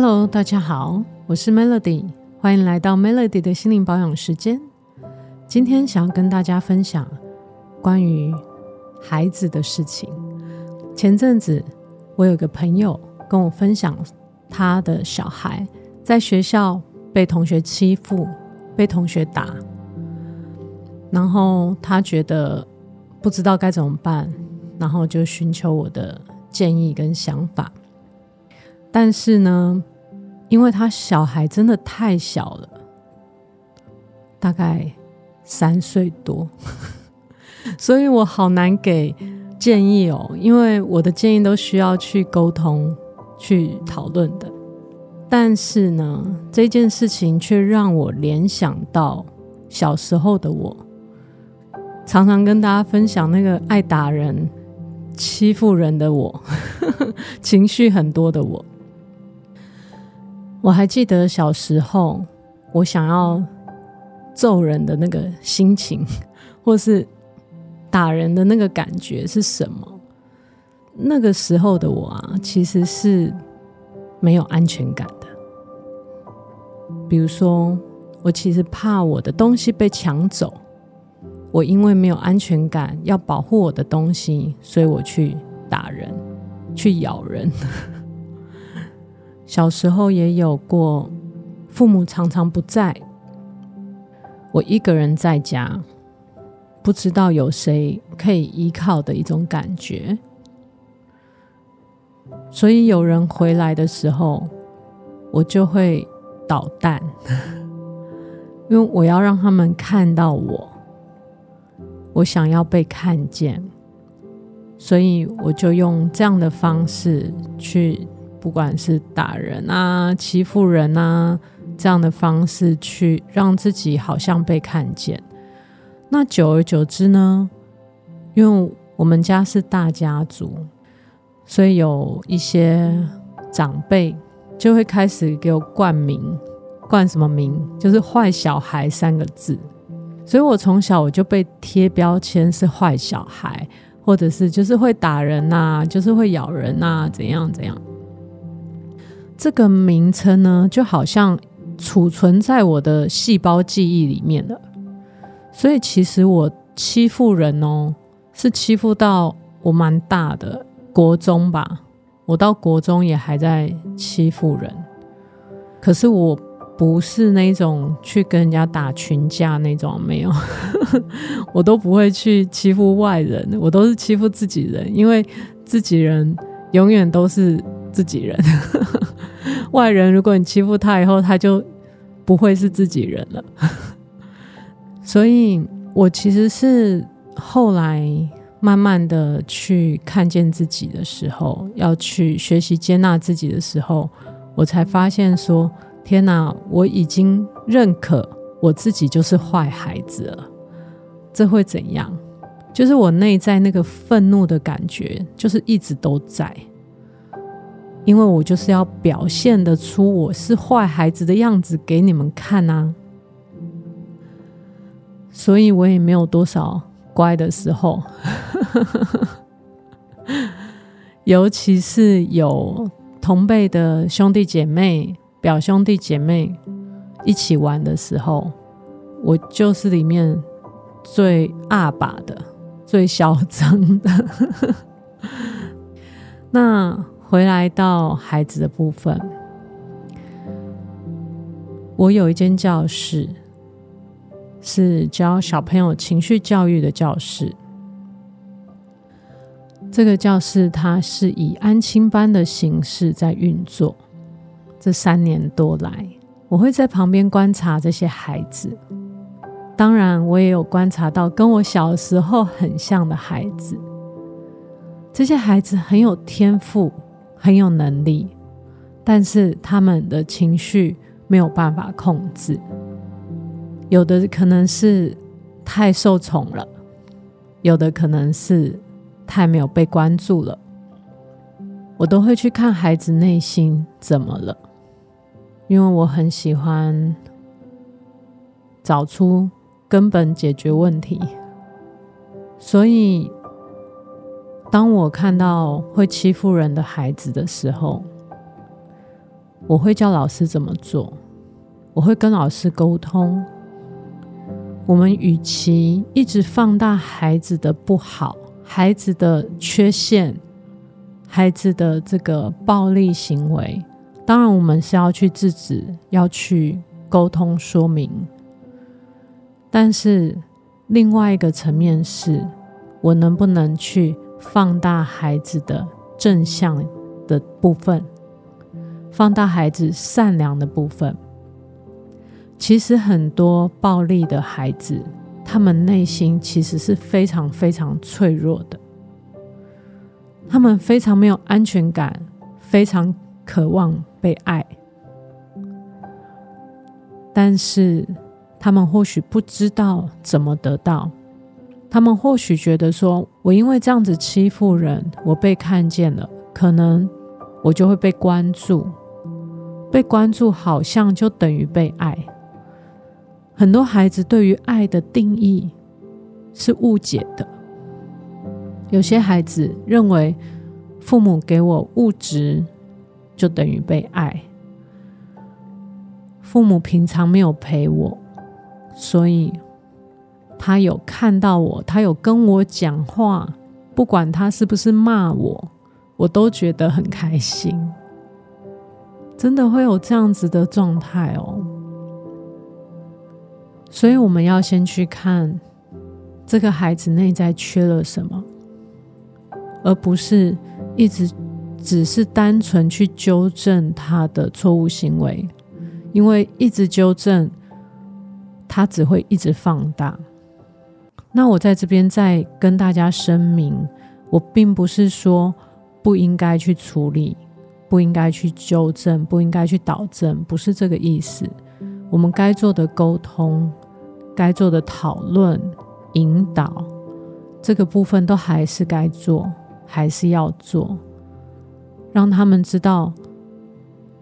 Hello，大家好，我是 Melody，歡迎來到 Melody 的心靈保養時間。今天想要跟大家分享關於孩子的事情。前陣子，我有個朋友跟我分享他的小孩在學校被同學欺負、被同學打，然後他覺得不知道該怎麼辦，然後就尋求我的建議跟想法。但是呢，因為他小孩真的太小了，大概三歲多， 所以我好難給建議哦，因為我的建議都需要去溝通、去討論的。但是呢，這件事情卻讓我聯想到小時候的我，常常跟大家分享那個愛打人、欺負人的我， 情緒很多的我。我還記得小時候，我想要揍人的那個心情，或是打人的那個感覺是什麼？那個時候的我啊，其實是沒有安全感的。比如說，我其實怕我的東西被搶走，我因為沒有安全感，要保護我的東西，所以我去打人，去咬人。小時候也有過，父母常常不在，我一個人在家，不知道有誰可以依靠的一種感覺。所以有人回來的時候，我就會搗蛋，因為我要讓他們看到我，我想要被看見，所以我就用這樣的方式去。不管是打人啊、欺負人啊這樣的方式，去讓自己好像被看見。那久而久之呢，因為我們家是大家族，所以有一些長輩就會開始給我冠名。冠什麼名？就是“壞小孩”三個字。所以我從小我就被貼標籤是壞小孩，或者是就是會打人啊，就是會咬人啊，怎樣怎樣。這個名稱呢，就好像儲存在我的細胞記憶裡面的。所以其實我欺負人哦，是欺負到我蠻大的國中吧。我到國中也還在欺負人，可是我不是那種去跟人家打群架那種，沒有， 我都不會去欺負外人，我都是欺負自己人，因為自己人永遠都是自己人。 外人，如果你欺負他以後，他就不會是自己人了。 所以我其實是後來慢慢的去看見自己的時候，要去學習接納自己的時候，我才發現說：天哪，我已經認可我自己就是壞孩子了。這會怎樣？就是我內在那個憤怒的感覺，就是一直都在。因為我就是要表現得出我是壞孩子的樣子給你們看呢、啊，所以我也沒有多少乖的時候， 尤其是有同輩的兄弟姐妹、表兄弟姐妹一起玩的時候，我就是裡面最阿爸的、最囂張的。 那。回來到孩子的部分，我有一間教室，是教小朋友情緒教育的教室。這個教室它是以安親班的形式在運作。這三年多來，我會在旁邊觀察這些孩子。當然，我也有觀察到跟我小的時候很像的孩子。這些孩子很有天賦。很有能力，但是他們的情緒沒有辦法控制。有的可能是太受寵了，有的可能是太沒有被關注了。我都會去看孩子內心怎麼了，因為我很喜歡找出根本解決問題，所以。當我看到會欺負人的孩子的時候，我會教老師怎麼做，我會跟老師溝通。我們與其一直放大孩子的不好、孩子的缺陷、孩子的這個暴力行為，當然我們是要去制止、要去溝通說明。但是另外一個層面是，我能不能去放大孩子的正向的部分，放大孩子善良的部分。其實很多暴力的孩子，他們內心其實是非常非常脆弱的，他們非常沒有安全感，非常渴望被愛，但是他們或許不知道怎麼得到。他們或許覺得說，說我因為這樣子欺負人，我被看見了，可能我就會被關注，被關注好像就等於被愛。很多孩子對於愛的定義是誤解的，有些孩子認為父母給我物質就等於被愛，父母平常沒有陪我，所以。他有看到我，他有跟我講話，不管他是不是罵我，我都覺得很開心。真的會有這樣子的狀態哦。所以我們要先去看這個孩子內在缺了什麼，而不是一直只是單純去糾正他的錯誤行為，因為一直糾正，他只會一直放大。那我在這邊再跟大家聲明，我並不是說不應該去處理、不應該去糾正、不應該去導正，不是這個意思。我們該做的溝通、該做的討論、引導這個部分，都還是該做，還是要做，讓他們知道，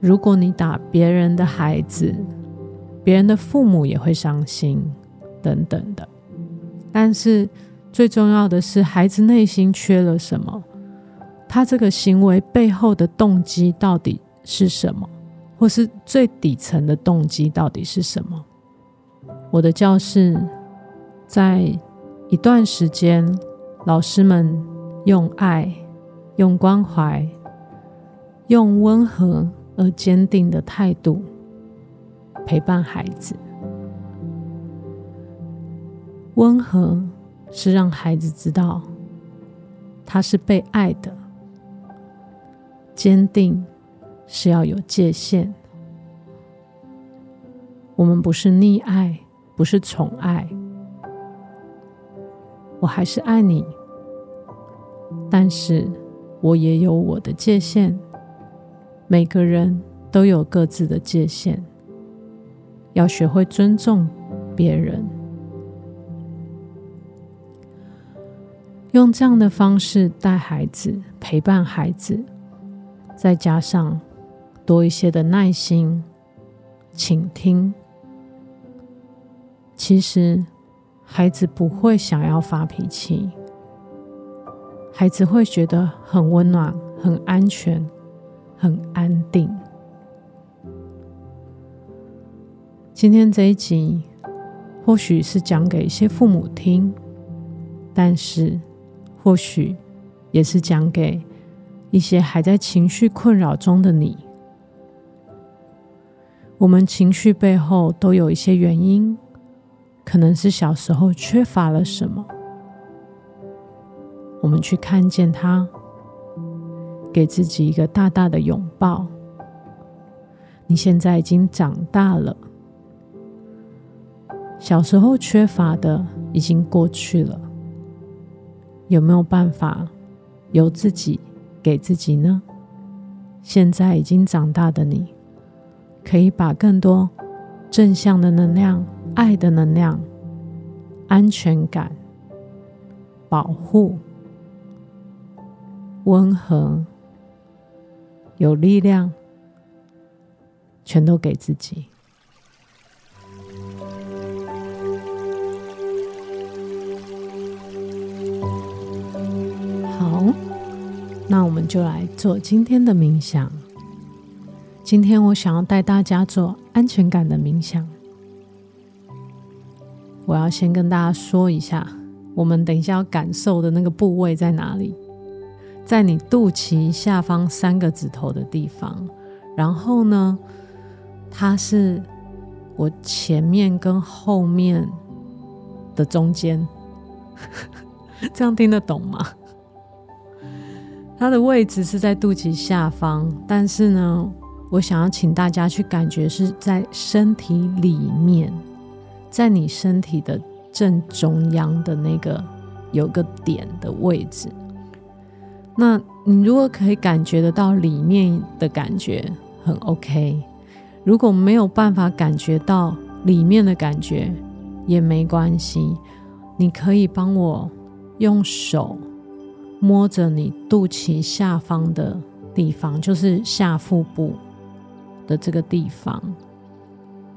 如果你打別人的孩子，別人的父母也會傷心，等等的。但是最重要的是，孩子內心缺了什麼？他這個行為背後的動機到底是什麼？或是最底層的動機到底是什麼？我的教室在一段時間，老師們用愛、用關懷、用溫和而堅定的態度陪伴孩子。溫和是讓孩子知道他是被愛的，堅定是要有界限。我們不是溺愛，不是寵愛。我還是愛你，但是我也有我的界限。每個人都有各自的界限，要學會尊重別人。用這樣的方式帶孩子，陪伴孩子，再加上多一些的耐心、傾聽，其實孩子不會想要發脾氣，孩子會覺得很溫暖、很安全、很安定。今天這一集，或許是講給一些父母聽，但是。或許也是講給一些還在情緒困擾中的你。我們情緒背後都有一些原因，可能是小時候缺乏了什麼。我們去看見他，給自己一個大大的擁抱。你現在已經長大了，小時候缺乏的已經過去了。有沒有辦法由自己給自己呢？現在已經長大的你，可以把更多正向的能量、愛的能量、安全感、保護、溫和、有力量，全都給自己。那我們就來做今天的冥想。今天我想要帶大家做安全感的冥想。我要先跟大家說一下，我們等一下要感受的那個部位在哪裡？在你肚臍下方三個指頭的地方。然後呢，它是我前面跟後面的中間。 這樣聽得懂嗎？它的位置是在肚臍下方，但是呢，我想要請大家去感覺是在身體裡面，在你身體的正中央的那個有個點的位置。那你如果可以感覺得到裡面的感覺很 OK，如果沒有辦法感覺到裡面的感覺也沒關係，你可以幫我用手。摸着你肚臍下方的地方，就是下腹部的這個地方，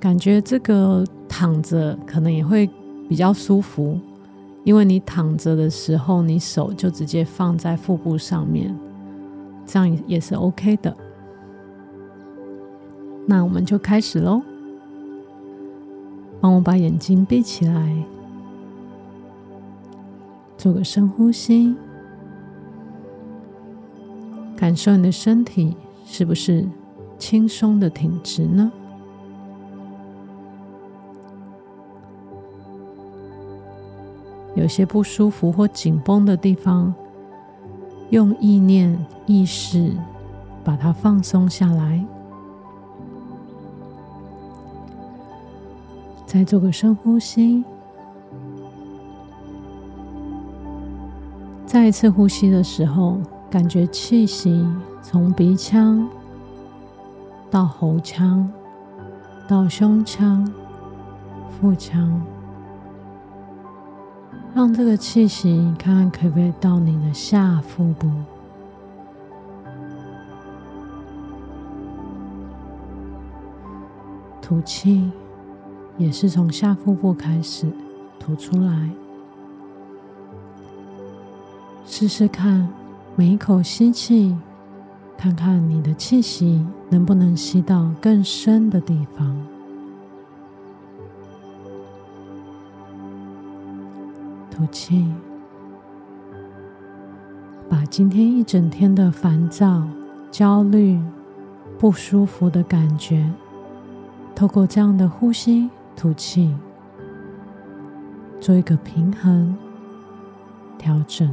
感覺這個躺着可能也會比較舒服，因為你躺着的時候，你手就直接放在腹部上面，這樣也是 OK 的。那我們就開始嘍，幫我把眼睛閉起來，做個深呼吸。感受你的身體是不是輕鬆的挺直呢？有些不舒服或緊繃的地方，用意念意識把它放鬆下來，再做個深呼吸。再一次呼吸的時候。感覺氣息從鼻腔到喉腔，到胸腔、腹腔，讓這個氣息看看可不可以到你的下腹部。吐氣也是從下腹部開始吐出來，試試看。每一口吸氣，看看你的氣息能不能吸到更深的地方。吐氣，把今天一整天的煩躁、焦慮、不舒服的感覺，透過這樣的呼吸、吐氣，做一個平衡、調整。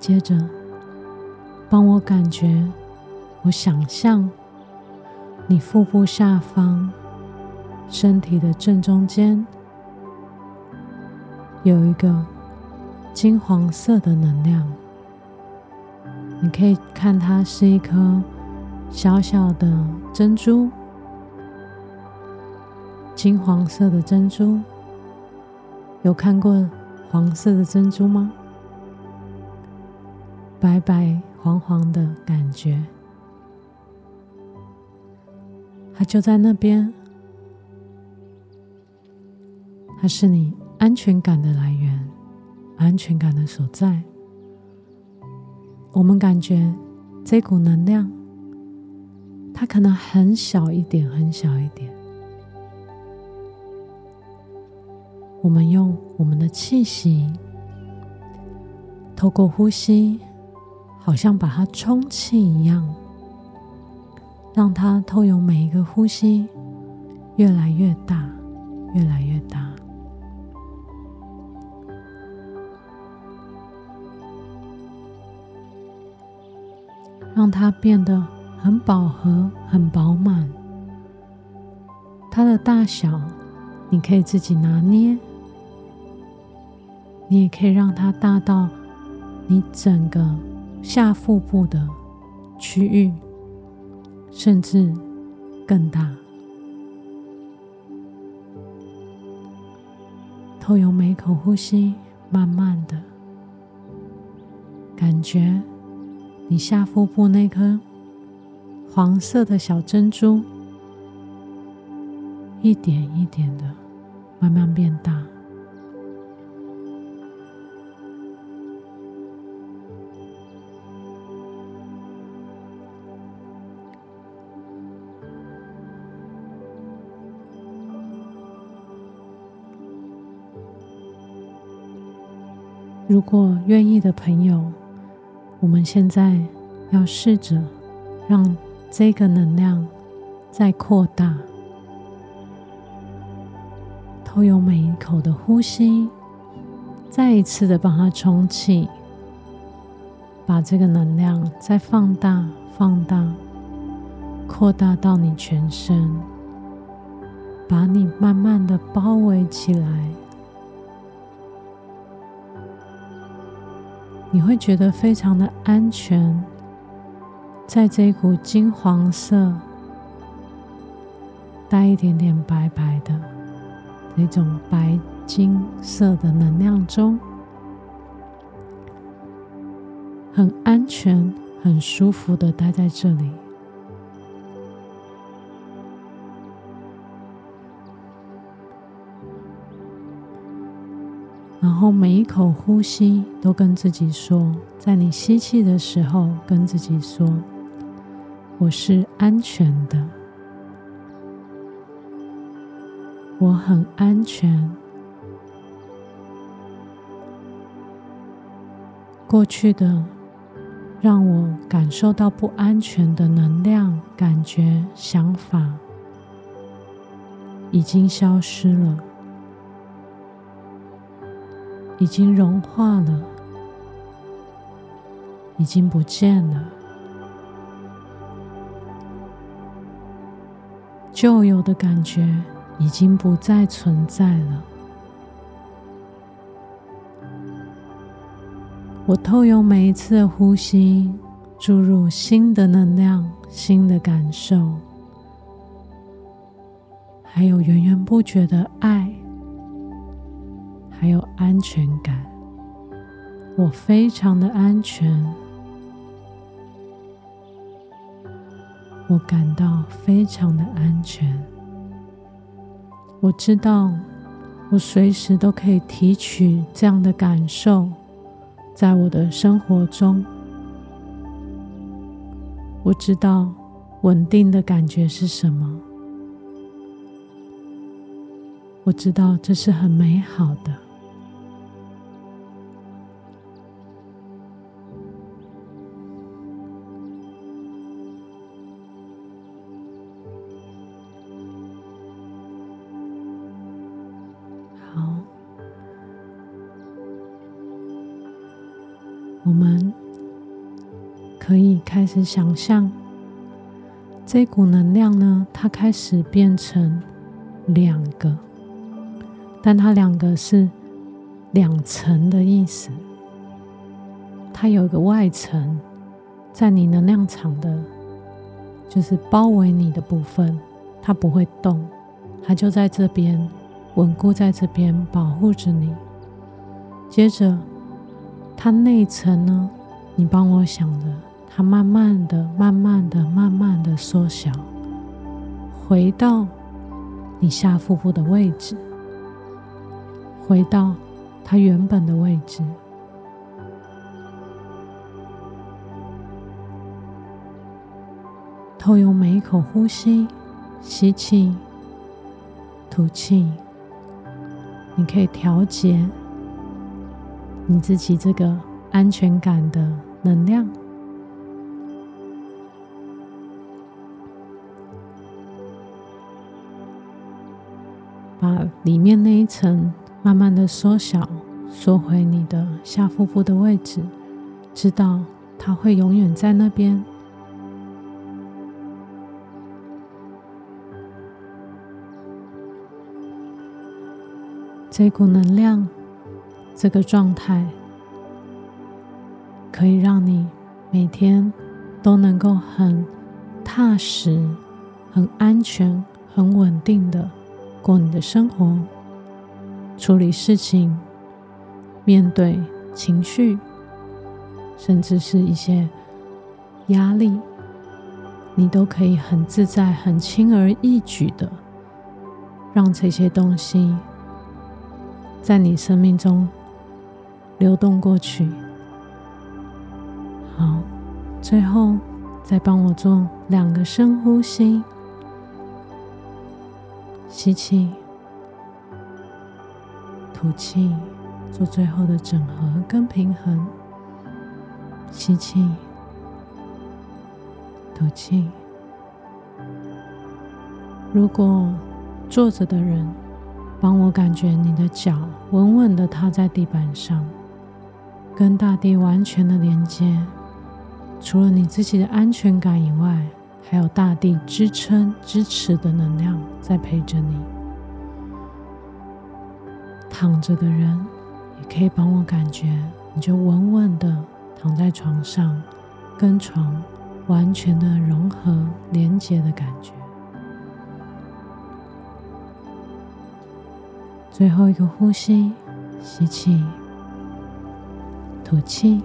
接着，幫我感覺，我想象你腹部下方，身體的正中間有一個金黃色的能量。你可以看它是一顆小小的珍珠，金黃色的珍珠。有看過黃色的珍珠嗎？白白黃黃的感覺，它就在那邊。它是你安全感的來源，安全感的所在。我們感覺這股能量，它可能很小一點，很小一點。我們用我們的氣息，透過呼吸，好像把它充氣一樣，讓它透過每一個呼吸越來越大，越來越大，讓它變得很飽和、很飽滿。它的大小你可以自己拿捏，你也可以讓它大到你整個。下腹部的區域，甚至更大。透過每口呼吸，慢慢的感覺，你下腹部那顆黃色的小珍珠，一點一點的，慢慢變大。如果願意的朋友，我們現在要試着讓這個能量再擴大，透過每一口的呼吸，再一次的幫它充氣，把這個能量再放大、放大、擴大到你全身，把你慢慢的包圍起來。你會覺得非常的安全，在這一股金黃色、帶一點點白白的那種白金色的能量中，很安全、很舒服的待在這裡。然後每一口呼吸都跟自己說，在你吸氣的時候，跟自己說：“我是安全的，我很安全。”過去的讓我感受到不安全的能量、感覺、想法，已經消失了。已經融化了，已經不見了，舊有的感覺已經不再存在了。我透由每一次的呼吸，注入新的能量、新的感受，還有源源不絕的愛。還有安全感，我非常的安全，我感到非常的安全。我知道，我隨時都可以提取這樣的感受，在我的生活中。我知道穩定的感覺是什麼，我知道這是很美好的。開始想象，這股能量呢，它開始變成兩個，但它兩個是兩層的意思。它有一個外層，在你能量場的，就是包圍你的部分，它不會動，它就在這邊穩固在這邊保護着你。接着，它內層呢，你幫我想著，它慢慢的、慢慢的、慢慢的縮小，回到你下腹部的位置，回到它原本的位置。透過每一口呼吸，吸氣、吐氣，你可以調節你自己這個安全感的能量。裡面那一層慢慢的縮小，縮回你的下腹部的位置，知道它會永遠在那邊。這股能量，這個狀態，可以讓你每天都能夠很踏實、很安全、很穩定的。過你的生活，處理事情，面對情緒，甚至是一些壓力，你都可以很自在、很輕而易舉的讓這些東西在你生命中流動過去。好，最後再幫我做兩個深呼吸。吸氣，吐氣，做最後的整合跟平衡。吸氣，吐氣。如果坐着的人，幫我感覺你的腳穩穩的踏在地板上，跟大地完全的連接，除了你自己的安全感以外，還有大地支撐、支持的能量在陪着你。躺着的人也可以幫我感覺，你就穩穩的躺在床上，跟床完全的融合、連接的感覺。最後一個呼吸，吸氣，吐氣，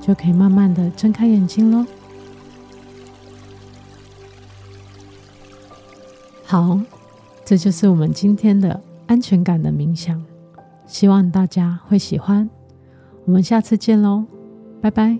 就可以慢慢的睜開眼睛嘍。好，這就是我們今天的安全感的冥想，希望大家會喜歡。我們下次見嘍，拜拜。